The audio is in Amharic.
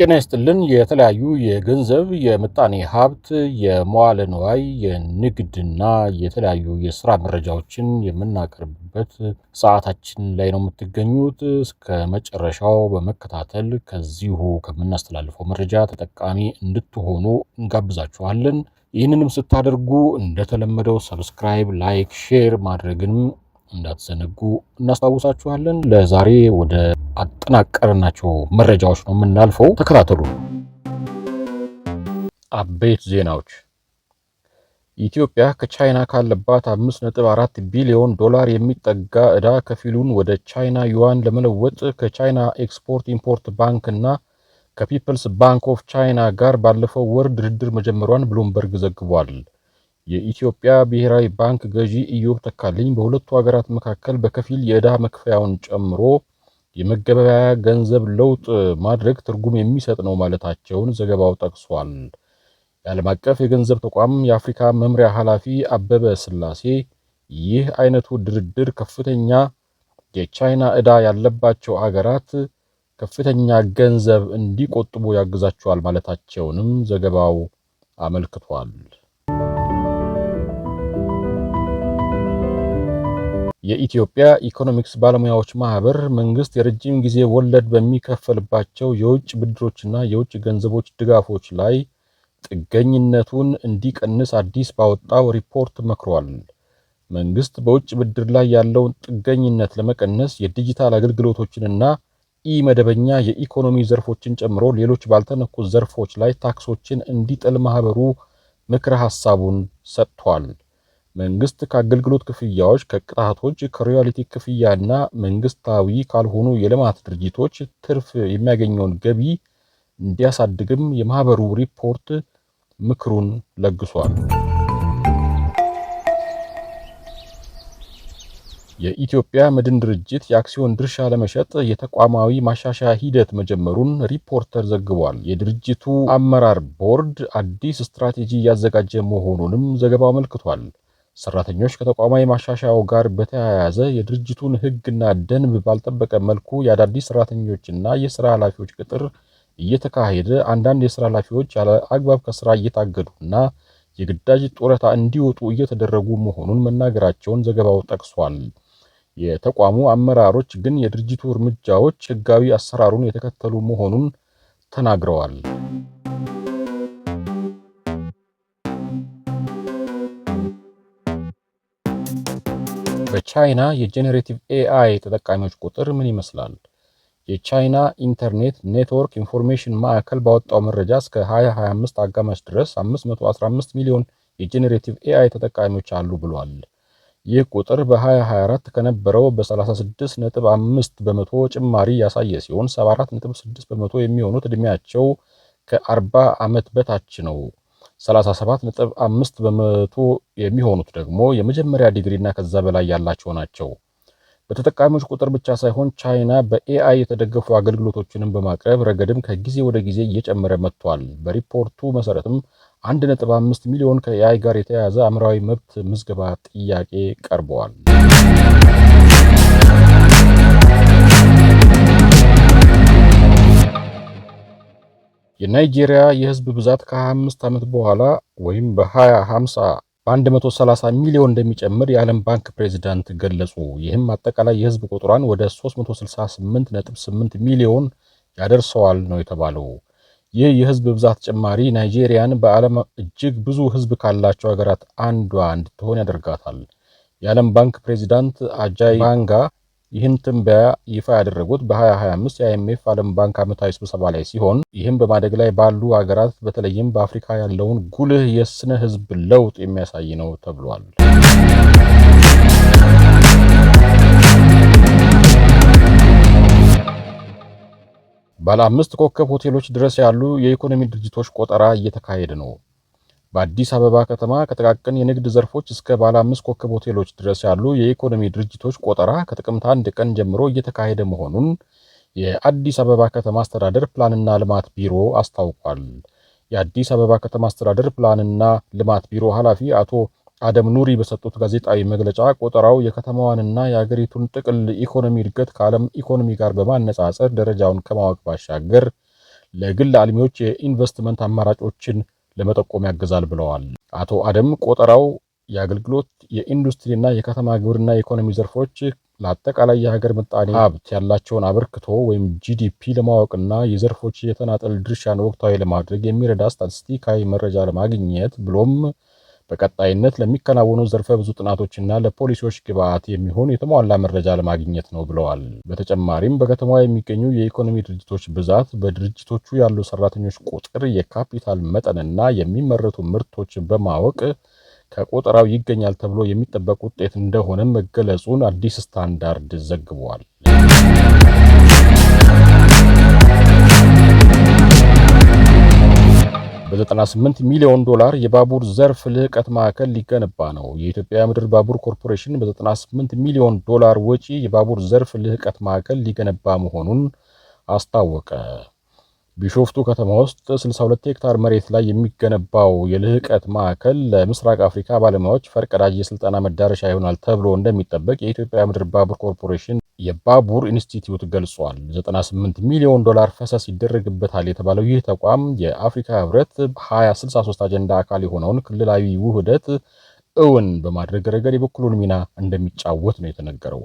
ጤና ይስጥልን። የተለያዩ የገንዘብ የምጣኔ ሀብት የመዋለ ንዋይ የንግድና የተለያዩ የስራ መረጃዎችን የምናቀርብበት ሰዓታችን ላይ ነው የምትገኙት። እስከ መጨረሻው በመከታተል ከዚሁ ከምናስተላልፈው መረጃ ተጠቃሚ እንድትሆኑ እንጋብዛችኋለን። ይህንንም ስታደርጉ እንደተለመደው ሰብስክራይብ፣ ላይክ፣ ሼር ማድረግንም እንዳትዘነጉ እናስታውሳችኋለን። ለዛሬ ወደ አጠናቀርናቸው መረጃዎች ነው የምናልፈው። ተከታተሉ። አበይት ዜናዎች ኢትዮጵያ ከቻይና ካለባት 5.4 ቢሊዮን ዶላር የሚጠጋ ዕዳ ከፊሉን ወደ ቻይና ዩዋን ለመለወጥ ከቻይና ኤክስፖርት ኢምፖርት ባንክ እና ከፒፕልስ ባንክ ኦፍ ቻይና ጋር ባለፈው ወር ድርድር መጀመሯን ብሉምበርግ ዘግቧል። የኢትዮጵያ ብሔራዊ ባንክ ገዢ ኢዮብ ተካልኝ በሁለቱ ሀገራት መካከል በከፊል የዕዳ መክፈያውን ጨምሮ የመገበያያ ገንዘብ ለውጥ ማድረግ ትርጉም የሚሰጥ ነው ማለታቸውን ዘገባው ጠቅሷል። የዓለም አቀፍ የገንዘብ ተቋም የአፍሪካ መምሪያ ኃላፊ አበበ ስላሴ ይህ አይነቱ ድርድር ከፍተኛ የቻይና ዕዳ ያለባቸው አገራት ከፍተኛ ገንዘብ እንዲቆጥቡ ያግዛቸዋል ማለታቸውንም ዘገባው አመልክቷል። የኢትዮጵያ ኢኮኖሚክስ ባለሙያዎች ማህበር መንግስት የረጅም ጊዜ ወለድ በሚከፈልባቸው የውጭ ብድሮችና የውጭ ገንዘቦች ድጋፎች ላይ ጥገኝነቱን እንዲቀንስ አዲስ ባወጣው ሪፖርት መክሯል። መንግስት በውጭ ብድር ላይ ያለውን ጥገኝነት ለመቀነስ የዲጂታል አገልግሎቶችንና ኢመደበኛ የኢኮኖሚ ዘርፎችን ጨምሮ ሌሎች ባልተነኩ ዘርፎች ላይ ታክሶችን እንዲጥል ማህበሩ ምክረ ሀሳቡን ሰጥቷል። መንግስት ከአገልግሎት ክፍያዎች፣ ከቅጣቶች፣ ክፍያ ክፍያና መንግስታዊ ካልሆኑ የልማት ድርጅቶች ትርፍ የሚያገኘውን ገቢ እንዲያሳድግም የማህበሩ ሪፖርት ምክሩን ለግሷል። የኢትዮጵያ መድን ድርጅት የአክሲዮን ድርሻ ለመሸጥ የተቋማዊ ማሻሻያ ሂደት መጀመሩን ሪፖርተር ዘግቧል። የድርጅቱ አመራር ቦርድ አዲስ ስትራቴጂ እያዘጋጀ መሆኑንም ዘገባው አመልክቷል። ሰራተኞች ከተቋማዊ ማሻሻያው ጋር በተያያዘ የድርጅቱን ሕግና ደንብ ባልጠበቀ መልኩ የአዳዲስ ሰራተኞችና የስራ ኃላፊዎች ቅጥር እየተካሄደ አንዳንድ የስራ ኃላፊዎች ያለ አግባብ ከስራ እየታገዱና የግዳጅ ጡረታ እንዲወጡ እየተደረጉ መሆኑን መናገራቸውን ዘገባው ጠቅሷል። የተቋሙ አመራሮች ግን የድርጅቱ እርምጃዎች ሕጋዊ አሰራሩን የተከተሉ መሆኑን ተናግረዋል። በቻይና የጄኔሬቲቭ ኤአይ ተጠቃሚዎች ቁጥር ምን ይመስላል? የቻይና ኢንተርኔት ኔትወርክ ኢንፎርሜሽን ማዕከል ባወጣው መረጃ እስከ 2025 አጋማሽ ድረስ 515 ሚሊዮን የጄኔሬቲቭ ኤአይ ተጠቃሚዎች አሉ ብሏል። ይህ ቁጥር በ2024 ከነበረው በ36.5 በመቶ ጭማሪ ያሳየ ሲሆን 74.6 በመቶ የሚሆኑት ዕድሜያቸው ከ40 ዓመት በታች ነው። 37.5 በመቶ የሚሆኑት ደግሞ የመጀመሪያ ዲግሪና ከዛ በላይ ያላቸው ናቸው። በተጠቃሚዎች ቁጥር ብቻ ሳይሆን ቻይና በኤአይ የተደገፉ አገልግሎቶችንም በማቅረብ ረገድም ከጊዜ ወደ ጊዜ እየጨመረ መጥቷል። በሪፖርቱ መሰረትም 1.5 ሚሊዮን ከኤአይ ጋር የተያያዘ አእምሯዊ መብት ምዝገባ ጥያቄ ቀርበዋል። የናይጄሪያ የህዝብ ብዛት ከ25 ዓመት በኋላ ወይም በ2050 በ130 ሚሊዮን እንደሚጨምር የዓለም ባንክ ፕሬዚዳንት ገለጹ። ይህም አጠቃላይ የህዝብ ቁጥሯን ወደ 368.8 ሚሊዮን ያደርሰዋል ነው የተባለው። ይህ የህዝብ ብዛት ጭማሪ ናይጄሪያን በዓለም እጅግ ብዙ ህዝብ ካላቸው ሀገራት አንዷ እንድትሆን ያደርጋታል። የዓለም ባንክ ፕሬዚዳንት አጃይ ባንጋ ይህን ትንበያ ይፋ ያደረጉት በ2025 የአይኤምኤፍ ዓለም ባንክ ዓመታዊ ስብሰባ ላይ ሲሆን ይህም በማደግ ላይ ባሉ አገራት በተለይም በአፍሪካ ያለውን ጉልህ የስነ ህዝብ ለውጥ የሚያሳይ ነው ተብሏል። ባለ አምስት ኮከብ ሆቴሎች ድረስ ያሉ የኢኮኖሚ ድርጅቶች ቆጠራ እየተካሄደ ነው። በአዲስ አበባ ከተማ ከጥቃቅን የንግድ ዘርፎች እስከ ባለ አምስት ኮከብ ሆቴሎች ድረስ ያሉ የኢኮኖሚ ድርጅቶች ቆጠራ ከጥቅምት አንድ ቀን ጀምሮ እየተካሄደ መሆኑን የአዲስ አበባ ከተማ አስተዳደር ፕላንና ልማት ቢሮ አስታውቋል። የአዲስ አበባ ከተማ አስተዳደር ፕላንና ልማት ቢሮ ኃላፊ አቶ አደም ኑሪ በሰጡት ጋዜጣዊ መግለጫ ቆጠራው የከተማዋንና የአገሪቱን ጥቅል ኢኮኖሚ እድገት ከዓለም ኢኮኖሚ ጋር በማነጻጸር ደረጃውን ከማወቅ ባሻገር ለግል አልሚዎች የኢንቨስትመንት አማራጮችን ለመጠቆም ያግዛል ብለዋል አቶ አደም። ቆጠራው የአገልግሎት የኢንዱስትሪና የከተማ ግብርና የኢኮኖሚ ዘርፎች ለአጠቃላይ የሀገር ምጣኔ ሀብት ያላቸውን አበርክቶ ወይም ጂዲፒ ለማወቅና የዘርፎች የተናጠል ድርሻን ወቅታዊ ለማድረግ የሚረዳ ስታቲስቲካዊ መረጃ ለማግኘት ብሎም በቀጣይነት ለሚከናወኑ ዘርፈ ብዙ ጥናቶችና ለፖሊሲዎች ግብዓት የሚሆን የተሟላ መረጃ ለማግኘት ነው ብለዋል። በተጨማሪም በከተማ የሚገኙ የኢኮኖሚ ድርጅቶች ብዛት፣ በድርጅቶቹ ያሉ ሰራተኞች ቁጥር፣ የካፒታል መጠንና የሚመረቱ ምርቶችን በማወቅ ከቆጠራው ይገኛል ተብሎ የሚጠበቅ ውጤት እንደሆነ መገለጹን አዲስ ስታንዳርድ ዘግቧል። 98 ሚሊዮን ዶላር የባቡር ዘርፍ ልህቀት ማዕከል ሊገነባ ነው። የኢትዮጵያ ምድር ባቡር ኮርፖሬሽን በ98 ሚሊዮን ዶላር ወጪ የባቡር ዘርፍ ልህቀት ማዕከል ሊገነባ መሆኑን አስታወቀ። ቢሾፍቱ ከተማ ውስጥ 62 ሄክታር መሬት ላይ የሚገነባው የልህቀት ማዕከል ለምስራቅ አፍሪካ ባለሙያዎች ፈርቀዳጅ የስልጠና መዳረሻ ይሆናል ተብሎ እንደሚጠበቅ የኢትዮጵያ ምድር ባቡር ኮርፖሬሽን የባቡር ኢንስቲትዩት ገልጿል። 98 ሚሊዮን ዶላር ፈሰስ ይደረግበታል የተባለው ይህ ተቋም የአፍሪካ ህብረት 2063 አጀንዳ አካል የሆነውን ክልላዊ ውህደት እውን በማድረግ ረገድ የበኩሉን ሚና እንደሚጫወት ነው የተነገረው።